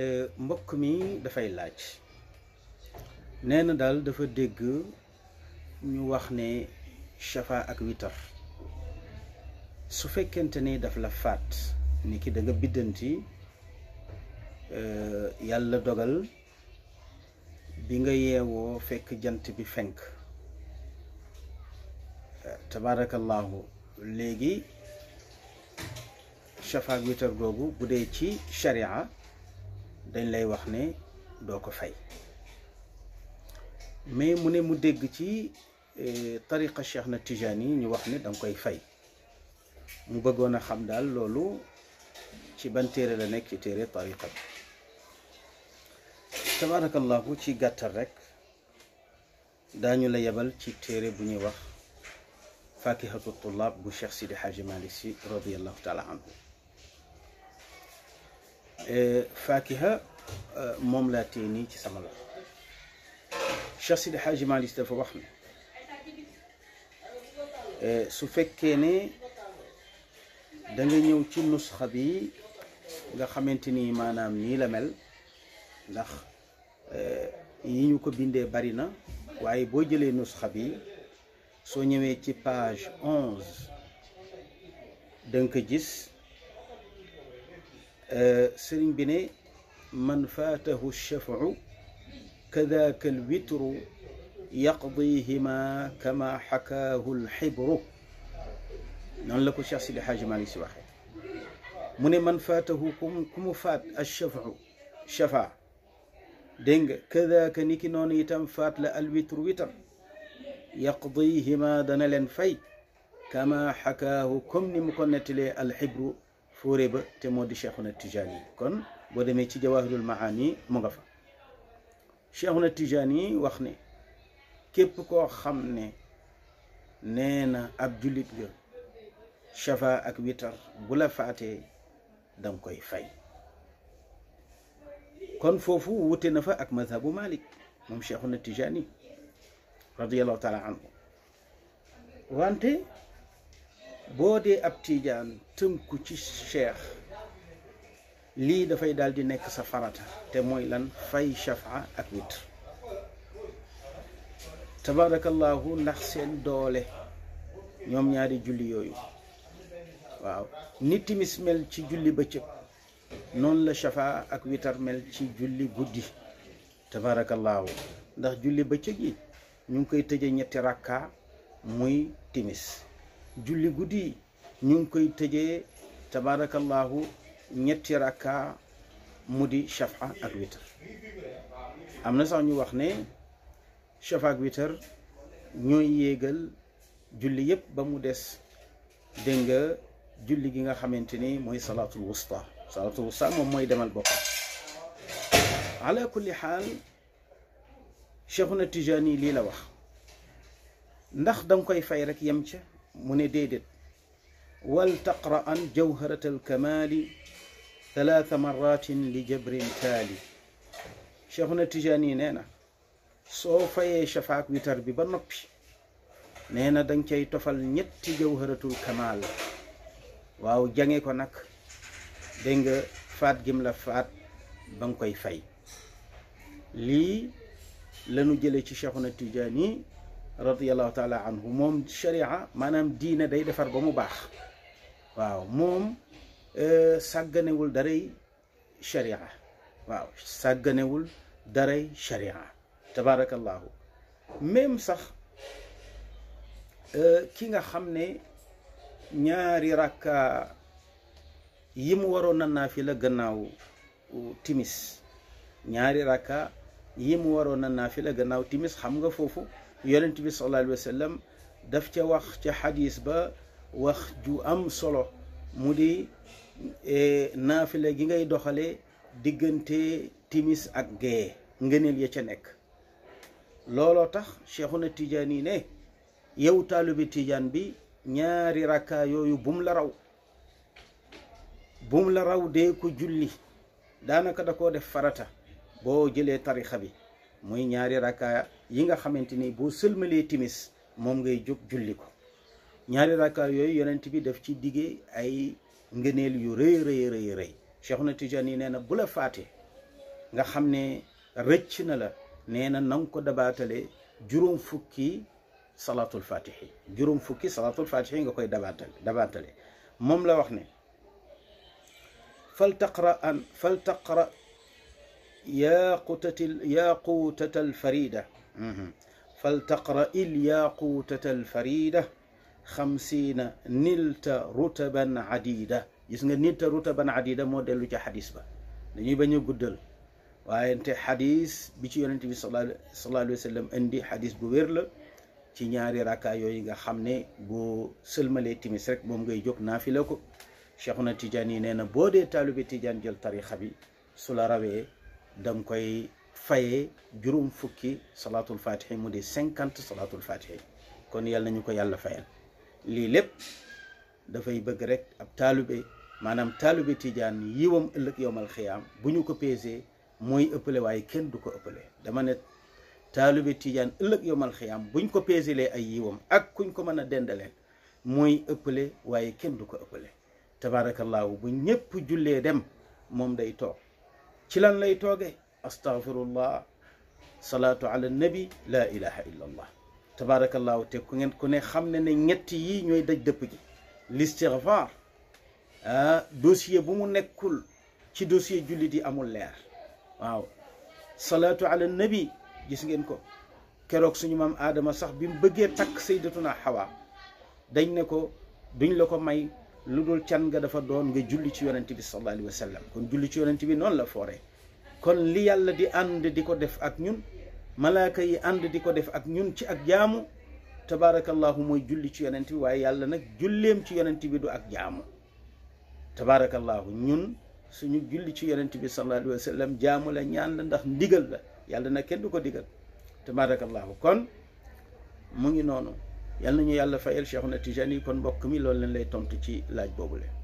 Eh, mbokk mi dafay laaj nee na daal dafa dégg ñu wax ne shafa ak witar su fekkente ni daf la faat ni ki da nga biddanti eh, yàlla dogal bi nga yeewoo fekk jant bi fenk eh, tabaarakallaahu léegi shafa ak witar googu bu dee ci sharia dañ lay wax ne doo ko fay mais mu ne mu dégg ci e, tariqa Cheikh na Tijaan yi ñu wax ni danga koy fay mu bëggoon a xam daal loolu ci ban téere la nekk ci téere tariqa bi tabaarakallahu ci gàttal rek daañu la yebal ci téere bu ñuy wax fakihatu tullaab bu Cheikh Sidi Xaaji Malik Si radiallahu taala anhu faakiha euh, moom laa téye nii ci sama loxo Cheikh Sidi Hadji Malick dafa wax ne euh, su fekkee ne da nga ñëw ci nusxa bi nga xamante ni maanaam nii la mel ndax euh, yi ñu ko bindee bari na waaye boo jëlee nusxa bi soo ñëwee ci page onze da ko gis سرين بني من فاته الشفع كذاك الوتر يقضيهما كما حكاه الحبر نقول نعم لكم شخص اللي حاجة مالي سواحي من من فاته كم, كم فات الشفع شفع دينغ كذا كنيكي نوني يتم فات الوتر وتر يقضيهما دنالين فاي كما حكاه كم نمكنت الحبر fóore ba te moo di Cheikhuna Tijaan yi kon boo demee ci jawahirul maani mu nga fa Cheikhuna Tijaan yi wax ne képp koo xam ne nee na ab jullit nga shafa ak witar bu la faatee danga koy fay kon foofu wute na fa ak mazhabu Malik moom Cheikhuna Tijaan yi radiyallahu taala anhu wante boo dee ab tiijaan tënku ci cheikh lii dafay daal di nekk sa farata te mooy lan fay shafa ak witr tabarakallahu ndax seen doole ñoom ñaari julli yooyu waaw ni timis mel ci julli bëccëg noonu la shafa ak witar mel ci julli guddi tabarakallahu ndax julli bëccëg yi ñu ngi koy tëje ñetti rakka muy timis julli gudi ñu ngi koy teje tabarakallahu ñetti rakka mudi shafa ak witr amna sax ñu wax ne shafa ak witr ñoy yegal julli yépp ba mu dess dégg nga julli gi nga xamanteni moy salatul wusta salatul wusta mom moy demal bokk ala kulli hal cheikhuna tijaani lii la wax ndax danga koy fay rek yem ca mu ne déedéet wal taqra an jawharat alkamaali talaata maratin li jabrin taali cheikhuna tijaan yi nee na soo fayee shafaak witar bi ba noppi nee na danga cay tofal ñetti jawharatul kamaal waaw jange ko nag dégg nga faat gim la faat ba nga koy fay lii lanu jële ci cheikhuna tijaan yi radiallahu taala moom sharia maanaam diina day defar ba mu baax waaw moom euh, sàgganewul daray sharia waaw sàgganewul daray sharia tabarakallahu même sax euh, ki nga xam ne ñaari rakka yi mu waroon na la gannaaw timis ñaari rakka yi mu waroon na la gannaaw timis xam nga foofu yonent bi sallallahu alayhi wa daf ca wax ca xadis ba wax ju am solo mu di e, naafila gi ngay doxale diggante timis ak gee ngëneel ya ca nekk looloo tax na tiijaan yi ne yow taalibi tiijaan bi ñaari rakka yooyu bum la raw bum la raw dee ko julli daanaka da ko def farata boo jëlee tarixa bi muy ñaari rakka yi nga xamante ni boo sëlmalee timis moom ngay jóg julli ko ñaari rakka yooyu yonent bi def ci diggee ay ngëneel yu rëy rëy rëy rëy Cheikhuna Tijaani nee na bu faate nga xam ne rëcc na la nee na na nga ko dabaatale juróom fukki salaatul fatihi juróom fukki salaatul fatihi nga koy dabaatal dabaatale moom la wax ne fal an fal yaaquutata alfarida فلتقرأ الياقوتة الفريدة خمسين نلت رتبا عديدة gis nga nilta rutaban adida moo dellu ci xadis ba dañuy bañ a guddal waayente xadis bi ci yonente bi sallallahu alayhi wa sallam indi xadis bu wér la ci ñaari raka yooyu nga xam ne boo sëlmalee timis rek moom ngay jóg naafila ko Cheikhuna Tidiane yi nee na boo dee taalu bi Tidiane jël tarixa bi su la rawee danga koy fayee juróom fukki salaatul fatihi mu di cinquante salaatul fatihi kon yàlla nañu ko yàlla fayal lii lépp dafay bëgg rek ab taalube maanaam taalube tijaan yiwam ëllëg yowmal xiyaam bu ñu ko peesee mooy ëppale waaye kenn du ko ëppale dama ne taalube tijaan ëllëg yowmal xiyaam buñ ko peeselee ay yiwam ak kuñ ko mën a dendaleen mooy ëppale waaye kenn du ko ëppale tabaarakallaahu bu ñépp jullee dem moom day toog ci lan lay toogee astaghfirullah salaatu ala nabi laa ilaha illa allah tabarakallahu te ku ngeen ku ne xam ne ne ñett yi ñooy daj dëpp gi l'istighfar ah dossier bu mu nekkul ci dossier jullit yi amul leer waaw salaatu ala nabi gis ngeen ko keroog suñu maam aadama sax bi mu bëggee takk sayyidatuna xawa dañ ne ko duñ la ko may lu dul can nga dafa doon nga julli ci yonent bi sallallahu alayhi wa sallam kon julli ci yonent bi noonu la foore kon li yàlla di ànd di ko def ak ñun malaaka yi ànd di ko def ak ñun ci ak jaamu tabaarakallahu mooy julli ci yonent bi waaye yàlla nag julleem ci yonent bi du ak jaamu tabaarakallahu ñun suñu julli ci yonent bi sallallahu alayhi jaamu la ñaan la ndax ndigal la yàlla nag kenn du ko digal tabaarakallahu kon mu ngi noonu yàlla nañu yàlla fayal Cheikhuna Tijani kon mbokk mi loolu leen lay tontu ci laaj boobule.